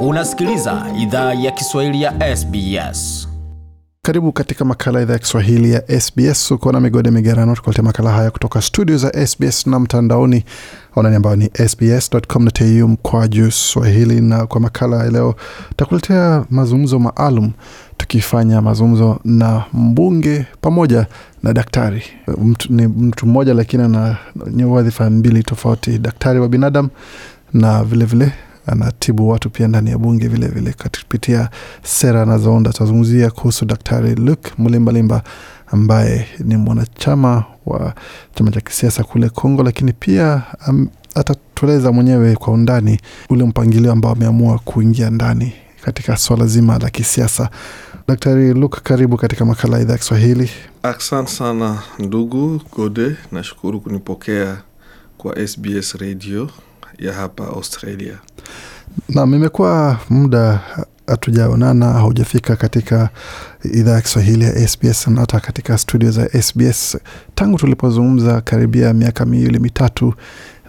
Unasikiliza idhaa ya Kiswahili ya SBS. Karibu katika makala idhaa ya Kiswahili ya SBS. Uko na migode migerano, tukuletea makala haya kutoka studio za SBS na mtandaoni anani ambayo ni sbs.com.au juu swahili. Na kwa makala ya leo takuletea mazungumzo maalum, tukifanya mazungumzo na mbunge pamoja na daktari. Mtu, ni mtu mmoja lakini ana wadhifa mbili tofauti, daktari wa binadamu na vilevile vile anatibu watu pia ndani ya bunge vilevile kupitia sera anazounda. Tunazungumzia kuhusu Daktari Luke Mulimbalimba ambaye ni mwanachama wa chama cha kisiasa kule Kongo, lakini pia um, atatueleza mwenyewe kwa undani ule mpangilio ambao ameamua kuingia ndani katika swala zima la kisiasa. Daktari Luke, karibu katika makala ya idhaa ya Kiswahili. Asante sana ndugu Gode, nashukuru kunipokea kwa SBS radio ya hapa Australia. Nam, imekuwa muda hatujaonana, haujafika katika idhaa ya Kiswahili ya SBS na hata katika studio za SBS tangu tulipozungumza karibia miaka miwili mitatu.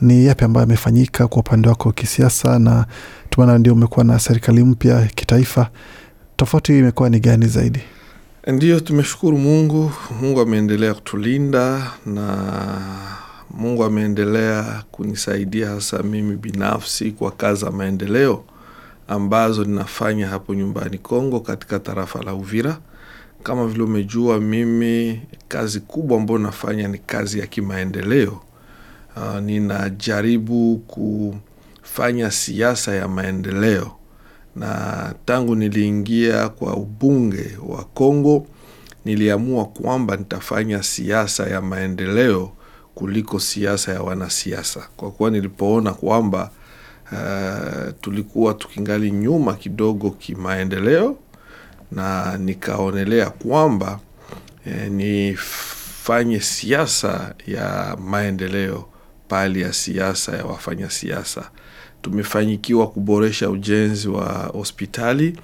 Ni yapi ambayo yamefanyika kwa upande wako kisiasa, na tumeona ndio umekuwa na serikali mpya kitaifa, tofauti imekuwa ni gani zaidi? ndio tumeshukuru Mungu. Mungu ameendelea kutulinda na Mungu ameendelea kunisaidia hasa mimi binafsi kwa kazi za maendeleo ambazo ninafanya hapo nyumbani Kongo, katika tarafa la Uvira. Kama vile umejua, mimi kazi kubwa ambayo nafanya ni kazi ya kimaendeleo. Uh, ninajaribu kufanya siasa ya maendeleo, na tangu niliingia kwa ubunge wa Kongo niliamua kwamba nitafanya siasa ya maendeleo kuliko siasa ya wanasiasa, kwa kuwa nilipoona kwamba uh, tulikuwa tukingali nyuma kidogo kimaendeleo, na nikaonelea kwamba eh, nifanye siasa ya maendeleo pali ya siasa ya wafanya siasa. Tumefanyikiwa kuboresha ujenzi wa hospitali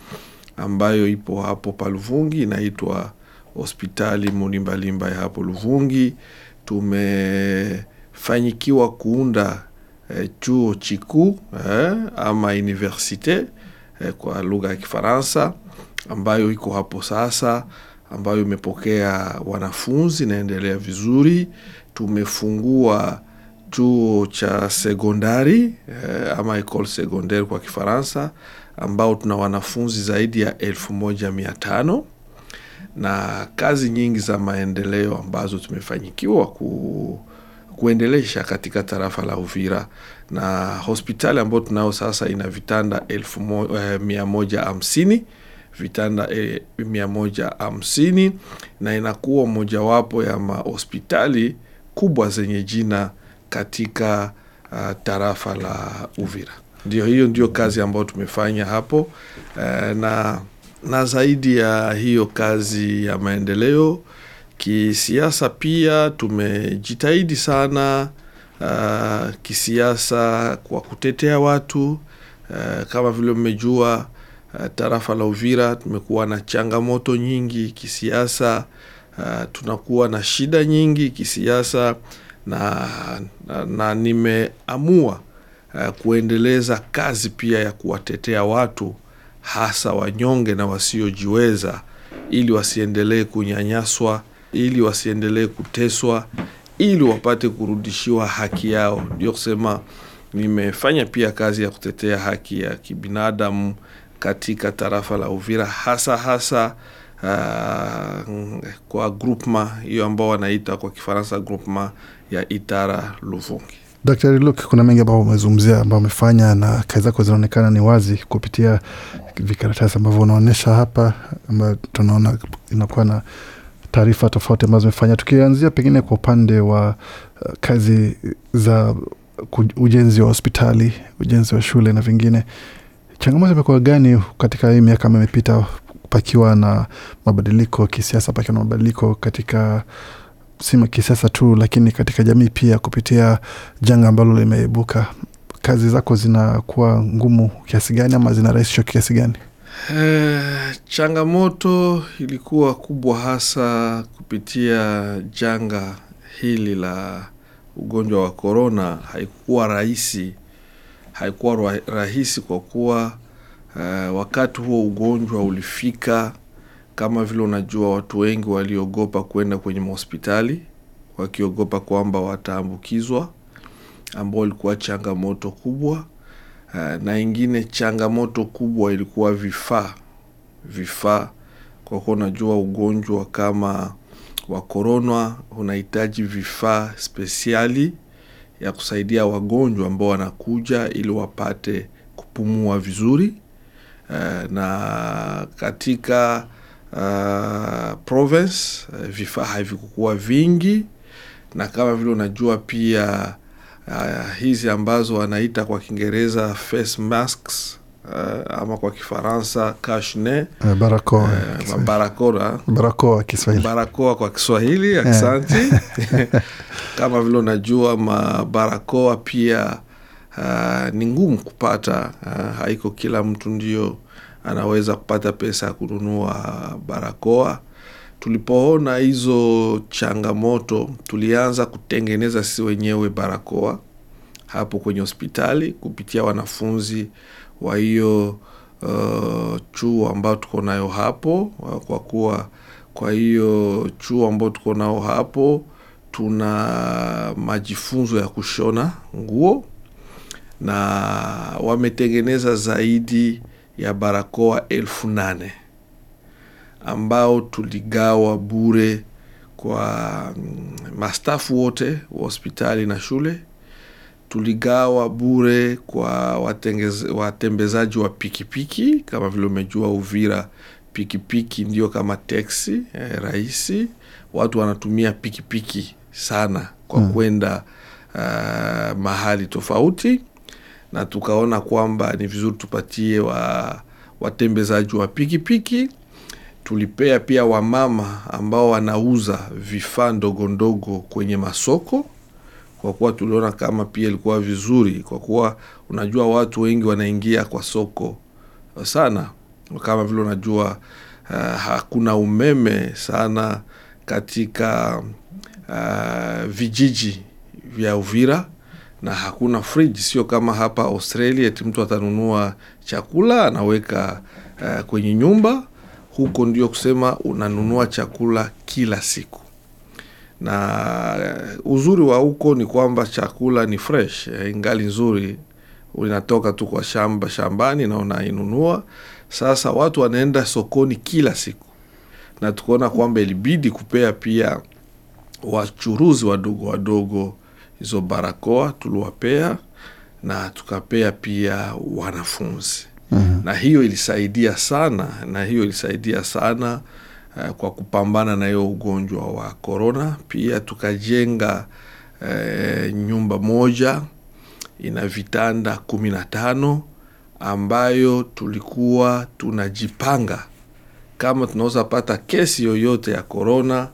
ambayo ipo hapo pa Luvungi, inaitwa hospitali Munimbalimba ya hapo Luvungi tumefanyikiwa kuunda eh, chuo chikuu eh, ama universite eh, kwa lugha ya Kifaransa ambayo iko hapo sasa, ambayo imepokea wanafunzi inaendelea vizuri. Tumefungua chuo cha sekondari eh, ama ecole secondaire kwa Kifaransa ambao tuna wanafunzi zaidi ya elfu moja mia tano na kazi nyingi za maendeleo ambazo tumefanyikiwa ku, kuendelesha katika tarafa la Uvira na hospitali ambayo tunayo sasa ina vitanda elfu mo, eh, mia moja hamsini vitanda eh, mia moja hamsini na inakuwa mojawapo ya mahospitali kubwa zenye jina katika uh, tarafa la Uvira. Ndio hiyo ndio kazi ambayo tumefanya hapo eh, na na zaidi ya hiyo kazi ya maendeleo kisiasa pia tumejitahidi sana uh, kisiasa kwa kutetea watu uh, kama vile mmejua uh, tarafa la Uvira tumekuwa na changamoto nyingi kisiasa. Uh, tunakuwa na shida nyingi kisiasa na, na, na nimeamua uh, kuendeleza kazi pia ya kuwatetea watu hasa wanyonge na wasiojiweza, ili wasiendelee kunyanyaswa, ili wasiendelee kuteswa, ili wapate kurudishiwa haki yao. Ndio kusema nimefanya pia kazi ya kutetea haki ya kibinadamu katika tarafa la Uvira hasa hasa uh, kwa groupement hiyo ambao wanaita kwa Kifaransa groupement ya Itara Luvungi. Daktari Luke, kuna mengi ambayo umezungumzia ambayo umefanya na kazi zako zinaonekana ni wazi kupitia vikaratasi ambavyo unaonyesha hapa, ambayo tunaona inakuwa na taarifa tofauti ambazo zimefanya. Tukianzia pengine kwa upande wa uh, kazi za ujenzi wa hospitali, ujenzi wa shule na vingine, changamoto imekuwa gani katika hii miaka ambayo imepita, pakiwa na mabadiliko kisiasa, pakiwa na mabadiliko katika sima kisiasa tu, lakini katika jamii pia, kupitia janga ambalo limeibuka, kazi zako zinakuwa ngumu kiasi gani ama zinarahisishwa kiasi gani? E, changamoto ilikuwa kubwa hasa kupitia janga hili la ugonjwa wa korona. Haikuwa rahisi, haikuwa rahisi kwa kuwa e, wakati huo ugonjwa ulifika kama vile unajua, watu wengi waliogopa kwenda kwenye mahospitali wakiogopa kwamba wataambukizwa, ambao ilikuwa changamoto kubwa. Eh, na ingine changamoto kubwa ilikuwa vifaa vifaa, kwa kuwa unajua ugonjwa kama wa korona unahitaji vifaa spesiali ya kusaidia wagonjwa ambao wanakuja ili wapate kupumua vizuri. Eh, na katika uh, province eh, vifaa havikukuwa vingi, na kama vile unajua pia uh, hizi ambazo wanaita kwa Kiingereza face masks uh, ama kwa Kifaransa kashne eh, barakoa uh, barakoa kwa Kiswahili aksanti kama vile unajua mabarakoa pia uh, ni ngumu kupata uh, haiko kila mtu ndio anaweza kupata pesa ya kununua barakoa. Tulipoona hizo changamoto, tulianza kutengeneza sisi wenyewe barakoa hapo kwenye hospitali kupitia wanafunzi wa hiyo uh, chuo ambao tuko nayo hapo, kwa kuwa kwa hiyo chuo ambao tuko nao hapo tuna majifunzo ya kushona nguo na wametengeneza zaidi ya barakoa elfu nane ambao tuligawa bure kwa mm, mastafu wote wa hospitali na shule. Tuligawa bure kwa watembezaji wa pikipiki. Kama vile umejua Uvira, pikipiki ndio kama teksi eh, rahisi. Watu wanatumia pikipiki sana kwa hmm, kwenda uh, mahali tofauti na tukaona kwamba ni vizuri tupatie wa watembezaji wa pikipiki piki. Tulipea pia wamama ambao wanauza vifaa ndogo ndogo kwenye masoko, kwa kuwa tuliona kama pia ilikuwa vizuri, kwa kuwa unajua watu wengi wanaingia kwa soko uh, sana, kama vile unajua uh, hakuna umeme sana katika uh, vijiji vya Uvira na hakuna fridge, sio kama hapa Australia ti mtu atanunua chakula anaweka uh, kwenye nyumba. Huko ndio kusema unanunua chakula kila siku, na eh, uzuri wa huko ni kwamba chakula ni fresh, eh, ingali nzuri, inatoka tu kwa shamba shambani na unainunua. Sasa watu wanaenda sokoni kila siku, na tukaona kwamba ilibidi kupea pia wachuruzi wadogo wadogo hizo barakoa tuliwapea na tukapea pia wanafunzi uhum. Na hiyo ilisaidia sana, na hiyo ilisaidia sana uh, kwa kupambana na hiyo ugonjwa wa korona. Pia tukajenga uh, nyumba moja ina vitanda kumi na tano ambayo tulikuwa tunajipanga kama tunaweza pata kesi yoyote ya korona,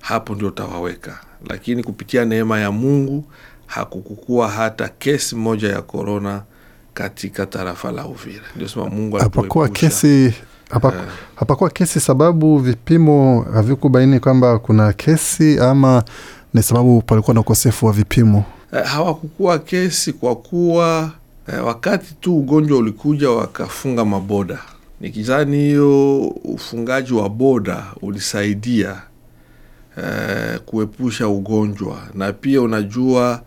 hapo ndio tawaweka lakini kupitia neema ya Mungu hakukukua hata kesi moja ya korona katika tarafa la Uvira. Ndio sema Mungu hapakuwa kesi eh. hapakuwa uh, hapa kesi sababu vipimo havikubaini kwamba kuna kesi ama ni sababu palikuwa na ukosefu wa vipimo. Eh, hawakukuwa kesi kwa kuwa eh, wakati tu ugonjwa ulikuja wakafunga maboda. Nikizani hiyo ufungaji wa boda ulisaidia Eh, kuepusha ugonjwa na pia unajua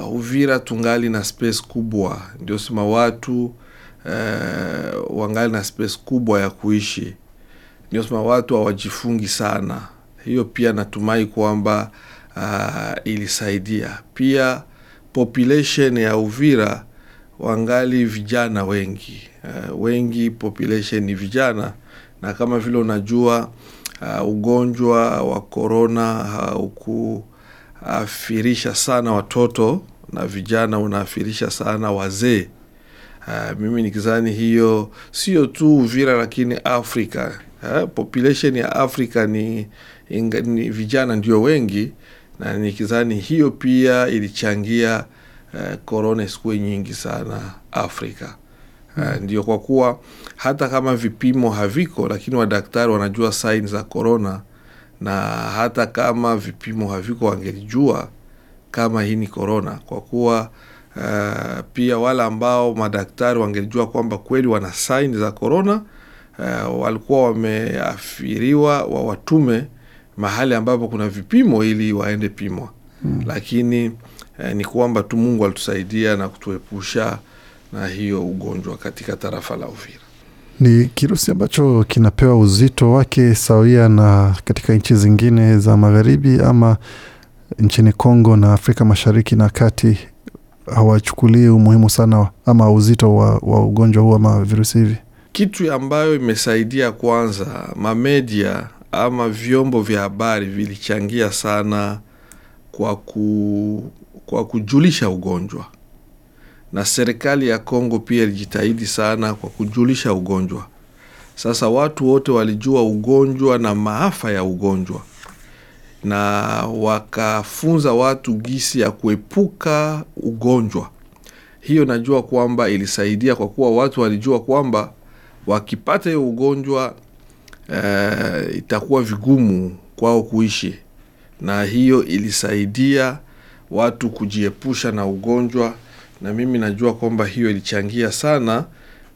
uh, Uvira tungali na space kubwa, ndio sema watu uh, wangali na space kubwa ya kuishi, ndio sema watu hawajifungi sana. Hiyo pia natumai kwamba uh, ilisaidia pia population ya Uvira wangali vijana wengi uh, wengi population ni vijana, na kama vile unajua uh, ugonjwa wa korona haukuafirisha sana watoto na vijana, unaafirisha sana wazee. Uh, mimi nikizani hiyo sio tu Uvira lakini Afrika uh, population ya Afrika ni, inga, ni vijana ndio wengi, na nikizani hiyo pia ilichangia korona uh, isikuwe nyingi sana Afrika uh, ndio kwa kuwa hata kama vipimo haviko, lakini wadaktari wanajua saini za korona, na hata kama vipimo haviko wangelijua kama hii ni korona, kwa kuwa uh, pia wale ambao madaktari wangelijua kwamba kweli wana saini za korona uh, eh, walikuwa wameafiriwa wawatume mahali ambapo kuna vipimo ili waende pimwa. Hmm. Lakini eh, ni kwamba tu Mungu alitusaidia na kutuepusha na hiyo ugonjwa katika tarafa la Uvira ni kirusi ambacho kinapewa uzito wake sawia na katika nchi zingine za magharibi ama nchini Kongo na Afrika Mashariki na Kati hawachukulii umuhimu sana ama uzito wa, wa ugonjwa huu ama virusi hivi. Kitu ambayo imesaidia kwanza, mamedia ama vyombo vya habari vilichangia sana kwa, ku, kwa kujulisha ugonjwa na serikali ya Kongo pia ilijitahidi sana kwa kujulisha ugonjwa. Sasa watu wote walijua ugonjwa na maafa ya ugonjwa, na wakafunza watu gisi ya kuepuka ugonjwa. Hiyo najua kwamba ilisaidia kwa kuwa watu walijua kwamba wakipata hiyo ugonjwa e, itakuwa vigumu kwao kuishi, na hiyo ilisaidia watu kujiepusha na ugonjwa na mimi najua kwamba hiyo ilichangia sana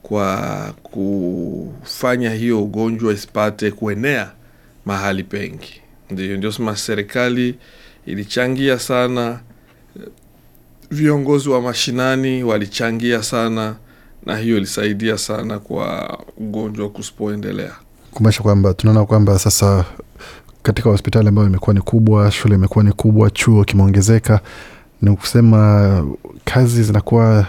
kwa kufanya hiyo ugonjwa isipate kuenea mahali pengi. Ndio ndio sema serikali ilichangia sana, viongozi wa mashinani walichangia sana, na hiyo ilisaidia sana kwa ugonjwa kusipoendelea. Kumaanisha kwamba tunaona kwamba sasa katika hospitali ambayo imekuwa ni kubwa, shule imekuwa ni kubwa, chuo kimeongezeka ni kusema kazi zinakuwa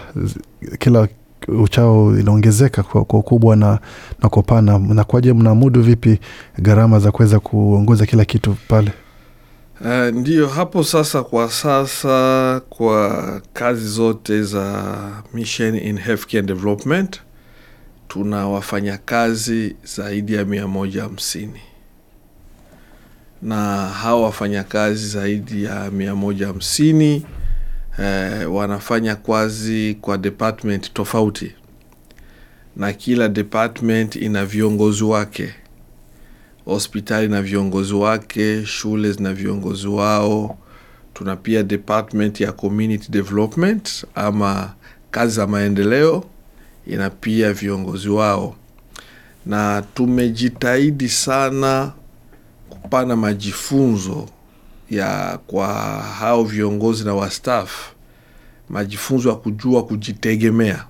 kila uchao inaongezeka kwa, kwa ukubwa na, na kwa upana. Nakuwaje, mnaamudu vipi gharama za kuweza kuongoza kila kitu pale? Uh, ndio hapo sasa. Kwa sasa kwa kazi zote za Mission in and Development tuna wafanyakazi zaidi ya mia moja hamsini na hawa wafanyakazi zaidi ya mia moja hamsini eh, wanafanya kazi kwa department tofauti na kila department ina viongozi wake hospitali na viongozi wake shule zina viongozi wao tuna pia department ya community development ama kazi za maendeleo ina pia viongozi wao na tumejitahidi sana kupana majifunzo ya kwa hao viongozi na wastaf majifunzo ya kujua kujitegemea.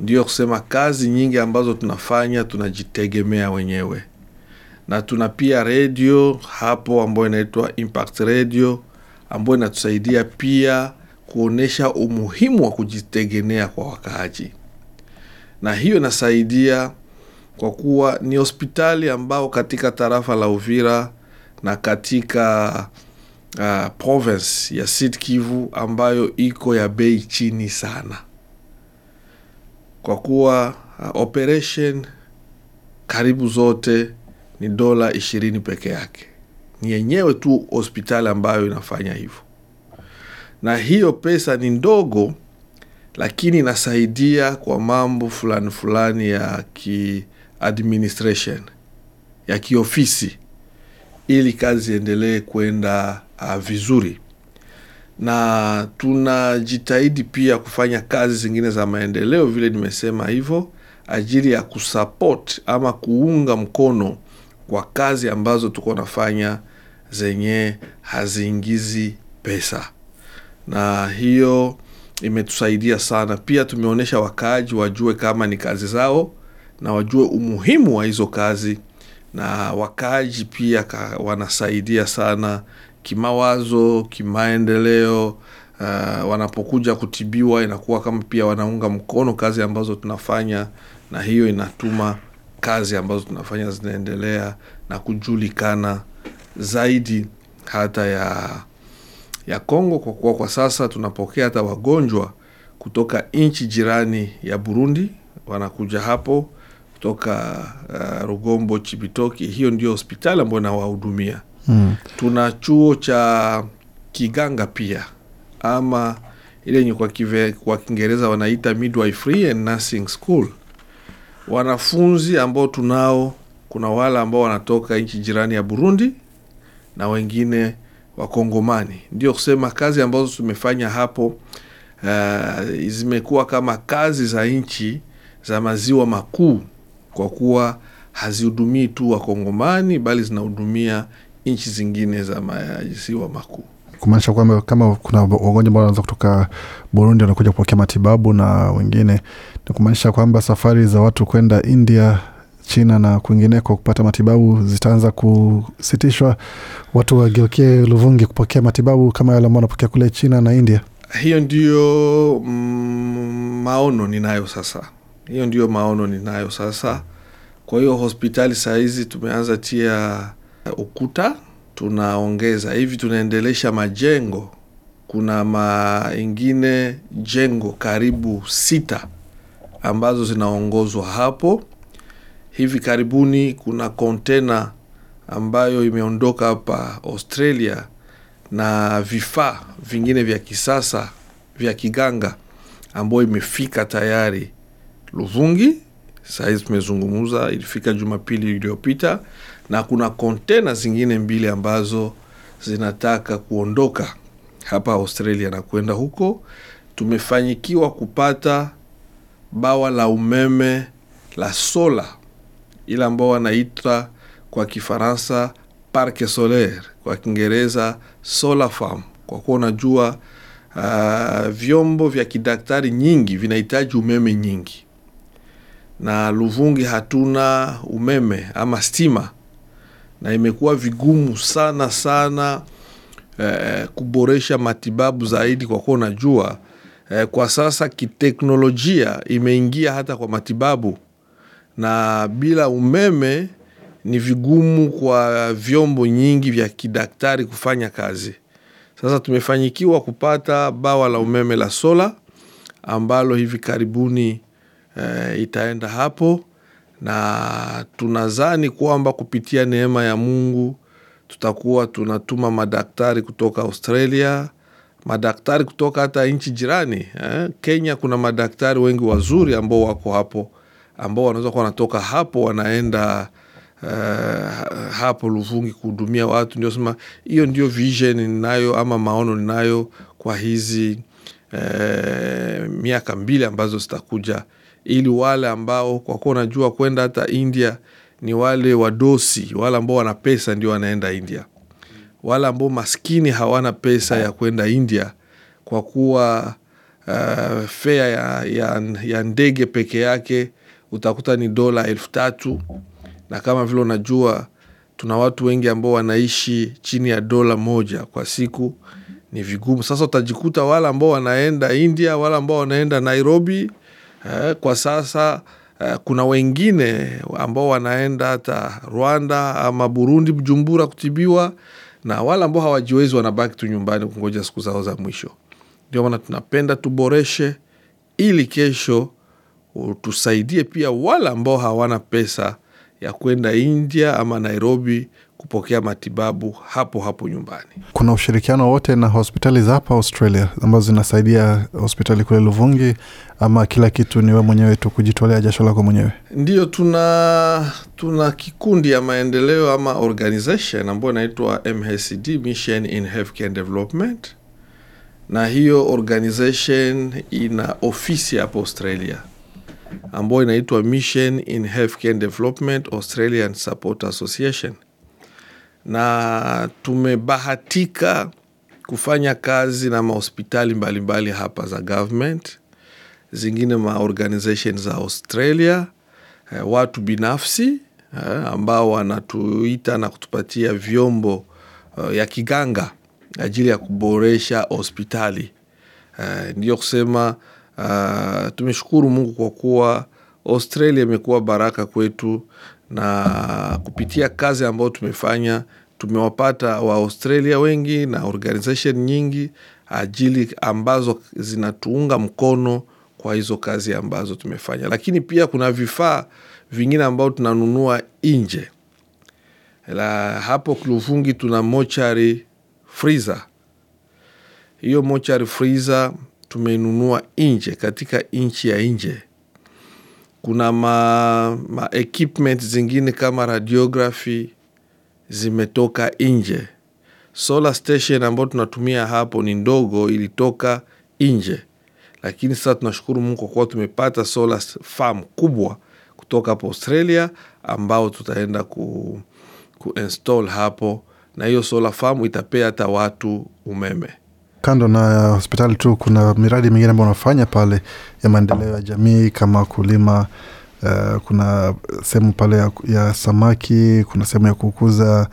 Ndiyo kusema kazi nyingi ambazo tunafanya tunajitegemea wenyewe, na tuna pia redio hapo ambayo inaitwa Impact Radio ambayo inatusaidia pia kuonyesha umuhimu wa kujitegemea kwa wakaaji, na hiyo inasaidia kwa kuwa ni hospitali ambao katika tarafa la Uvira na katika uh, province ya Sud Kivu ambayo iko ya bei chini sana, kwa kuwa uh, operation karibu zote ni dola ishirini peke yake. Ni yenyewe tu hospitali ambayo inafanya hivyo, na hiyo pesa ni ndogo, lakini inasaidia kwa mambo fulani fulani ya administration ya kiofisi ili kazi iendelee kwenda uh, vizuri, na tunajitahidi pia kufanya kazi zingine za maendeleo, vile nimesema hivyo, ajili ya kusupport ama kuunga mkono kwa kazi ambazo tuko nafanya zenye haziingizi pesa, na hiyo imetusaidia sana. Pia tumeonyesha wakaaji wajue kama ni kazi zao na wajue umuhimu wa hizo kazi na wakaaji pia ka, wanasaidia sana kimawazo, kimaendeleo. Uh, wanapokuja kutibiwa inakuwa kama pia wanaunga mkono kazi ambazo tunafanya, na hiyo inatuma kazi ambazo tunafanya zinaendelea na kujulikana zaidi hata ya ya Kongo, kwa kuwa kwa sasa tunapokea hata wagonjwa kutoka nchi jirani ya Burundi wanakuja hapo kutoka uh, Rugombo Chibitoke. Hiyo ndio hospitali ambayo nawahudumia. Hmm. Tuna chuo cha kiganga pia ama ile yenye kwa kive, kwa Kiingereza wanaita midwifery and nursing school. Wanafunzi ambao tunao, kuna wale ambao wanatoka nchi jirani ya Burundi na wengine Wakongomani. Ndio kusema kazi ambazo tumefanya hapo uh, zimekuwa kama kazi za nchi za maziwa makuu kwa kuwa hazihudumii tu Wakongomani bali zinahudumia nchi zingine za maziwa makuu, kumaanisha kwamba kama kuna wagonjwa ambao wanaweza kutoka Burundi wanakuja kupokea matibabu na wengine, ni kumaanisha kwamba safari za watu kwenda India China na kwingineko kupata matibabu zitaanza kusitishwa, watu wageukie Luvungi kupokea matibabu kama yale ambao wanapokea kule China na India. Hiyo ndiyo mm, maono ninayo sasa. Hiyo ndiyo maono ninayo sasa. Kwa hiyo hospitali saa hizi tumeanza tia ukuta, tunaongeza hivi, tunaendelesha majengo. Kuna maingine jengo karibu sita ambazo zinaongozwa hapo. Hivi karibuni kuna kontena ambayo imeondoka hapa Australia na vifaa vingine vya kisasa vya kiganga ambayo imefika tayari. Luvungi. sahizi tumezungumza, ilifika Jumapili iliyopita, na kuna kontena zingine mbili ambazo zinataka kuondoka hapa Australia na kwenda huko. Tumefanyikiwa kupata bawa la umeme la sola, ile ambao wanaita kwa Kifaransa parke solaire, kwa Kiingereza solar farm, kwa kuwa unajua uh, vyombo vya kidaktari nyingi vinahitaji umeme nyingi na Luvungi hatuna umeme ama stima, na imekuwa vigumu sana sana eh, kuboresha matibabu zaidi, kwa kuwa unajua eh, kwa sasa kiteknolojia imeingia hata kwa matibabu, na bila umeme ni vigumu kwa vyombo nyingi vya kidaktari kufanya kazi. Sasa tumefanyikiwa kupata bawa la umeme la sola ambalo hivi karibuni e, itaenda hapo na tunazani kwamba kupitia neema ya Mungu tutakuwa tunatuma madaktari kutoka Australia, madaktari kutoka hata nchi jirani eh. Kenya kuna madaktari wengi wazuri ambao wako hapo ambao wanaweza kuwa wanatoka hapo wanaenda uh, hapo Luvungi kuhudumia watu. Ndio sema hiyo ndio vision ninayo ama maono ninayo kwa hizi uh, miaka mbili ambazo zitakuja ili wale ambao kwa kuwa unajua kwenda hata India ni wale wadosi, wale ambao wana pesa ndio wanaenda India. Wale ambao maskini hawana pesa ya kwenda India kwa kuwa uh, eh, fea ya, ya, ya ndege peke yake utakuta ni dola elfu tatu na kama vile unajua tuna watu wengi ambao wanaishi chini ya dola moja kwa siku, ni vigumu sasa. Utajikuta wale ambao wanaenda India, wale ambao wanaenda Nairobi Eh, kwa sasa eh, kuna wengine ambao wanaenda hata Rwanda ama Burundi, Bujumbura kutibiwa, na wale ambao hawajiwezi wanabaki tu nyumbani kungoja siku zao za mwisho. Ndio maana tunapenda tuboreshe, ili kesho tusaidie pia wale ambao hawana pesa ya kwenda India ama Nairobi kupokea matibabu hapo hapo nyumbani. Kuna ushirikiano wote na hospitali za hapa Australia ambazo zinasaidia hospitali kule Luvungi, ama kila kitu ni we mwenyewe tu kujitolea jasho lako mwenyewe? Ndiyo, tuna tuna kikundi ya maendeleo ama organization ambayo inaitwa MHCD, Mission in Healthcare Development, na hiyo organization ina ofisi hapa Australia ambayo inaitwa Mission in Healthcare Development Australian Support Association na tumebahatika kufanya kazi na mahospitali mbalimbali hapa za government, zingine maorganization za Australia, eh, watu binafsi eh, ambao wanatuita na kutupatia vyombo eh, ya kiganga ajili ya kuboresha hospitali. Ndiyo kusema tumeshukuru Mungu kwa kuwa Australia imekuwa baraka kwetu na kupitia kazi ambayo tumefanya tumewapata Waaustralia wengi na organization nyingi ajili ambazo zinatuunga mkono kwa hizo kazi ambazo tumefanya, lakini pia kuna vifaa vingine ambao tunanunua nje. La hapo Kiluvungi tuna mochari friza. Hiyo mochari frize tumenunua nje katika nchi ya nje, kuna ma, ma equipment zingine kama radiography zimetoka nje. Solar station ambayo tunatumia hapo ni ndogo, ilitoka nje, lakini sasa tunashukuru Mungu kwa kuwa tumepata solar farm kubwa kutoka hapo Australia ambao tutaenda ku, hapo, na hiyo solar farm itapea hata watu umeme kando na hospitali tu, kuna miradi mingine ambayo unafanya pale ya maendeleo ya jamii kama kulima Uh, kuna sehemu pale ya, ya samaki, kuna sehemu ya kukuza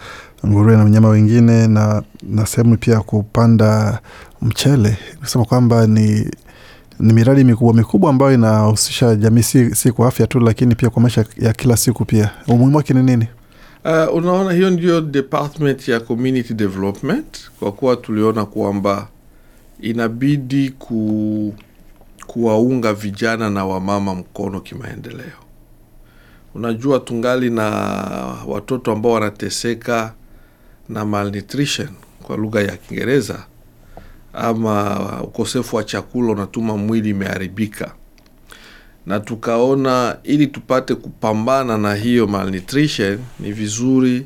nguruwe na wanyama wengine na, na sehemu pia ya kupanda mchele. Nasema kwamba ni, ni miradi mikubwa mikubwa ambayo inahusisha jamii si, si kwa afya tu, lakini pia kwa maisha ya kila siku. Pia umuhimu wake ni nini? Uh, unaona hiyo ndio department ya community development, kwa kuwa tuliona kwamba inabidi ku, kuwaunga vijana na wamama mkono kimaendeleo. Unajua, tungali na watoto ambao wanateseka na malnutrition kwa lugha ya Kiingereza ama ukosefu wa chakula unatuma mwili imeharibika, na tukaona ili tupate kupambana na hiyo malnutrition ni vizuri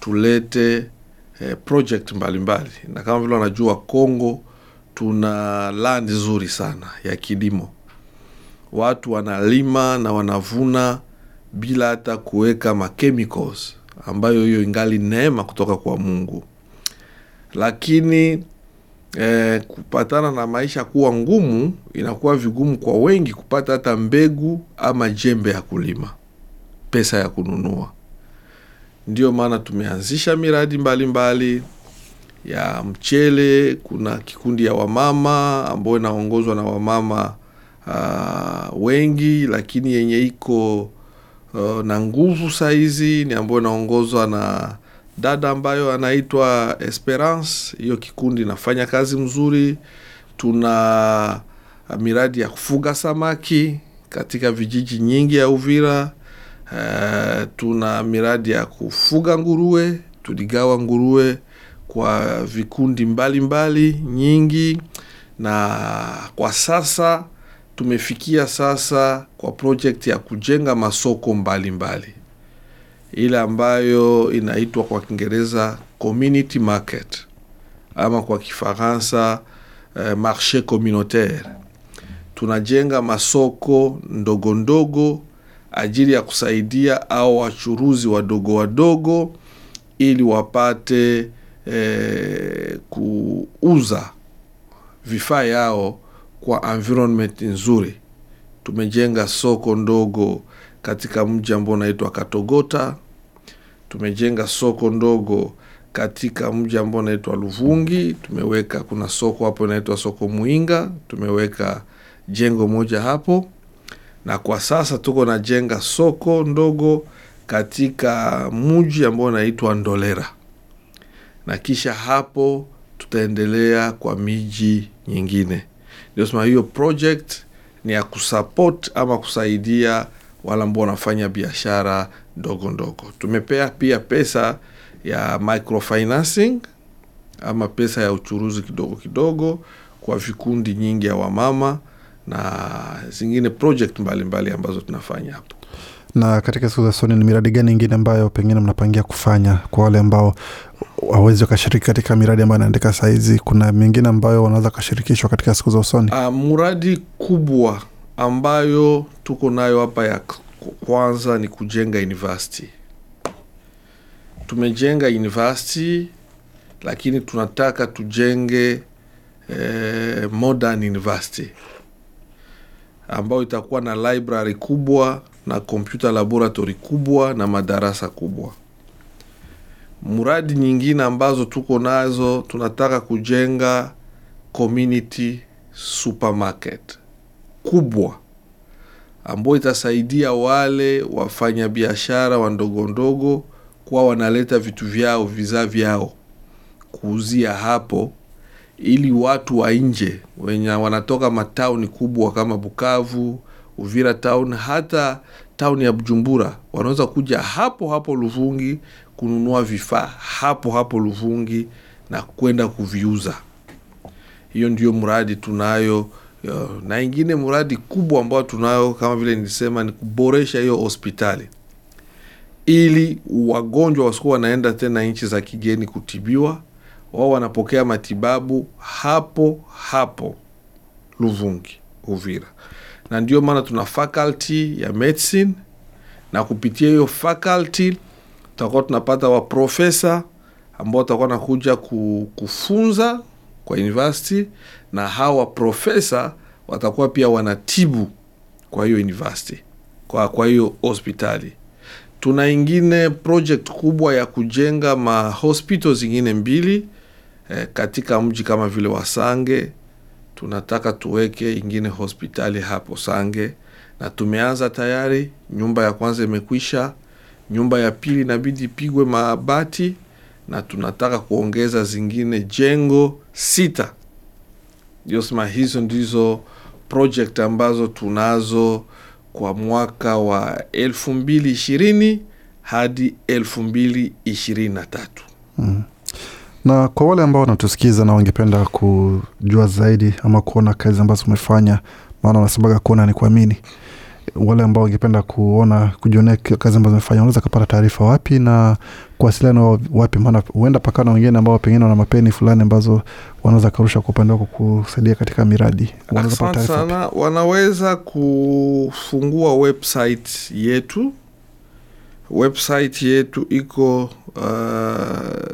tulete eh, project mbalimbali mbali. Na kama vile wanajua Kongo tuna land nzuri sana ya kilimo, watu wanalima na wanavuna bila hata kuweka machemicals, ambayo hiyo ingali neema kutoka kwa Mungu, lakini eh, kupatana na maisha kuwa ngumu, inakuwa vigumu kwa wengi kupata hata mbegu ama jembe ya kulima, pesa ya kununua. Ndiyo maana tumeanzisha miradi mbalimbali mbali, ya mchele, kuna kikundi ya wamama ambayo inaongozwa na wamama uh, wengi, lakini yenye iko uh, na nguvu sahizi ni ambayo inaongozwa na dada ambayo anaitwa Esperance. Hiyo kikundi inafanya kazi mzuri. Tuna miradi ya kufuga samaki katika vijiji nyingi ya Uvira. Uh, tuna miradi ya kufuga nguruwe, tuligawa nguruwe kwa vikundi mbalimbali mbali, nyingi na kwa sasa tumefikia sasa kwa project ya kujenga masoko mbalimbali ile ambayo inaitwa kwa Kiingereza community market ama kwa Kifaransa eh, marche communautaire. Tunajenga masoko ndogo ndogo ajili ya kusaidia au wachuruzi wadogo wadogo ili wapate eh, kuuza vifaa yao kwa environment nzuri. Tumejenga soko ndogo katika mji ambao unaitwa Katogota. Tumejenga soko ndogo katika mji ambao unaitwa Luvungi. Tumeweka kuna soko hapo inaitwa soko Muinga, tumeweka jengo moja hapo, na kwa sasa tuko najenga soko ndogo katika mji ambao unaitwa Ndolera na kisha hapo tutaendelea kwa miji nyingine. Ndio sema hiyo project ni ya kusupport ama kusaidia wale ambao wanafanya biashara ndogo ndogo. Tumepea pia pesa ya microfinancing ama pesa ya uchuruzi kidogo kidogo kwa vikundi nyingi ya wamama na zingine project mbalimbali mbali ambazo tunafanya hapo. Na katika siku za usoni ni miradi gani ingine ambayo pengine mnapangia kufanya kwa wale ambao wawezi wakashiriki katika miradi ambayo anaandika sahizi? Kuna mingine ambayo wanaweza wakashirikishwa katika siku za usoni? Uh, ah, mradi kubwa ambayo tuko nayo hapa ya kwanza ni kujenga university. Tumejenga university lakini tunataka tujenge eh, modern university ambayo itakuwa na library kubwa na computer laboratory kubwa na madarasa kubwa. Mradi nyingine ambazo tuko nazo, tunataka kujenga community supermarket kubwa ambayo itasaidia wale wafanyabiashara wa ndogo ndogo kuwa wanaleta vitu vyao vizaa vyao kuuzia hapo ili watu wa nje wenye wanatoka matauni kubwa kama Bukavu, Uvira town, hata tauni ya Bujumbura wanaweza kuja hapo hapo Luvungi kununua vifaa hapo hapo Luvungi na kwenda kuviuza. Hiyo ndiyo mradi tunayo na ingine mradi kubwa ambao tunayo kama vile nilisema, ni kuboresha hiyo hospitali ili wagonjwa wasikuwa wanaenda tena nchi za kigeni kutibiwa wao wanapokea matibabu hapo hapo Luvungi, Uvira, na ndio maana tuna faculty ya medicine, na kupitia hiyo faculty tutakuwa tunapata waprofesa ambao watakuwa nakuja kufunza kwa university, na hawa waprofesa watakuwa pia wanatibu kwa hiyo university, kwa kwa hiyo hospitali. Tuna ingine project kubwa ya kujenga ma hospitals zingine mbili eh, katika mji kama vile Wasange tunataka tuweke ingine hospitali hapo Sange, na tumeanza tayari. Nyumba ya kwanza imekwisha, nyumba ya pili inabidi pigwe mabati, na tunataka kuongeza zingine jengo sita. Ndiosema hizo ndizo project ambazo tunazo kwa mwaka wa elfu mbili ishirini hadi elfu mbili ishirini na tatu. Mm. Na kwa wale ambao wanatusikiza na wangependa kujua zaidi ama kuona kazi ambazo umefanya, maana wanasemaga kuona ni kuamini, wale ambao wangependa kuona kujionea kazi ambazo umefanya, unaweza kupata taarifa wapi na kuwasiliana wapi? Maana huenda pakana wengine ambao pengine wana mapeni fulani ambazo wanaweza karusha kwa upande wako kusaidia katika miradi. sana. Wanaweza kufungua website yetu. Website yetu iko uh,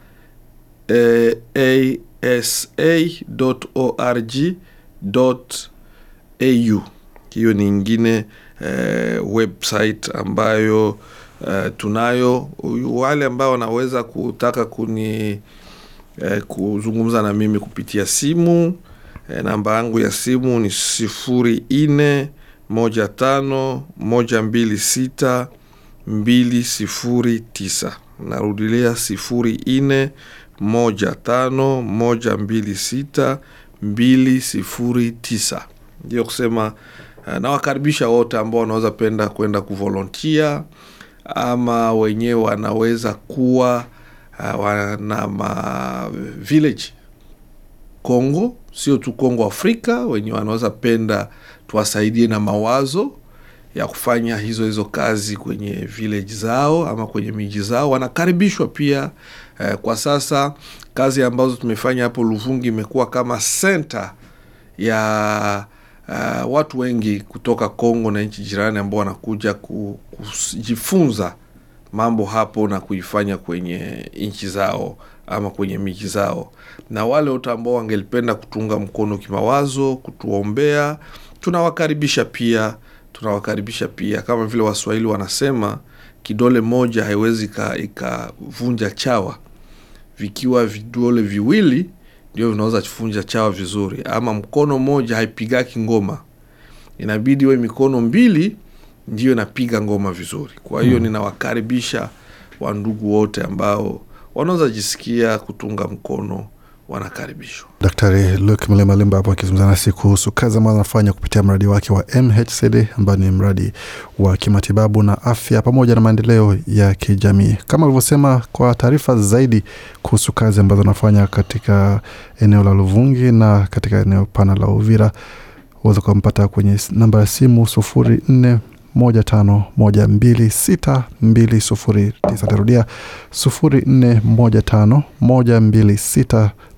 asa.org.au. Hiyo ni ingine eh, website ambayo eh, tunayo. Wale ambao wanaweza kutaka kuni eh, kuzungumza na mimi kupitia simu eh, namba yangu ya simu ni sifuri ine moja tano moja mbili sita mbili sifuri tisa. Narudilia sifuri nne moja tano moja mbili sita mbili sifuri tisa. Ndiyo kusema eh, nawakaribisha wote ambao wanaweza penda kwenda kuvolontia ama wenyewe wanaweza kuwa eh, wana ma village Kongo, sio tu Kongo Afrika, wenyewe wanaweza penda tuwasaidie na mawazo ya kufanya hizo hizo kazi kwenye village zao ama kwenye miji zao. Wanakaribishwa pia eh, kwa sasa kazi ambazo tumefanya hapo Luvungi imekuwa kama center ya uh, watu wengi kutoka Kongo na nchi jirani ambao wanakuja kujifunza mambo hapo na kuifanya kwenye nchi zao ama kwenye miji zao, na wale wote ambao wangelipenda kutunga mkono kimawazo, kutuombea, tunawakaribisha pia tunawakaribisha pia, kama vile Waswahili wanasema kidole moja haiwezi ikavunja chawa, vikiwa vidole viwili ndio vinaweza kuvunja chawa vizuri, ama mkono mmoja haipigaki ngoma, inabidi we mikono mbili ndiyo inapiga ngoma vizuri. Kwa hiyo hmm, ninawakaribisha wandugu wote ambao wanaweza jisikia kutunga mkono wanakaribishwa. Daktari Luke Mlemalimba hapo akizungumza nasi kuhusu kazi ambayo anafanya kupitia mradi wake wa MHCD ambao ni mradi wa kimatibabu na afya pamoja na maendeleo ya kijamii. Kama alivyosema, kwa taarifa zaidi kuhusu kazi ambazo anafanya katika eneo la Luvungi na katika eneo pana la Uvira, waweza kumpata kwenye namba ya simu sufuri nne moja tano moja mbili sita mbili sufuri tisa. Tarudia sufuri nne moja tano moja mbili sita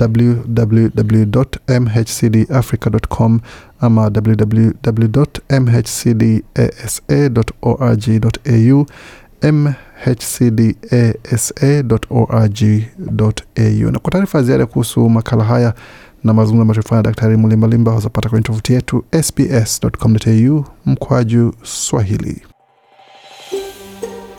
www.mhcdafrica.com ama www.mhcdasa.org.au mhcdasa.org.au. Na kwa taarifa ziada kuhusu makala haya na mazungumzo ambayo tufanya Daktari Mulimbalimba wazapata kwenye tovuti yetu sbs.com.au mkwaju Swahili.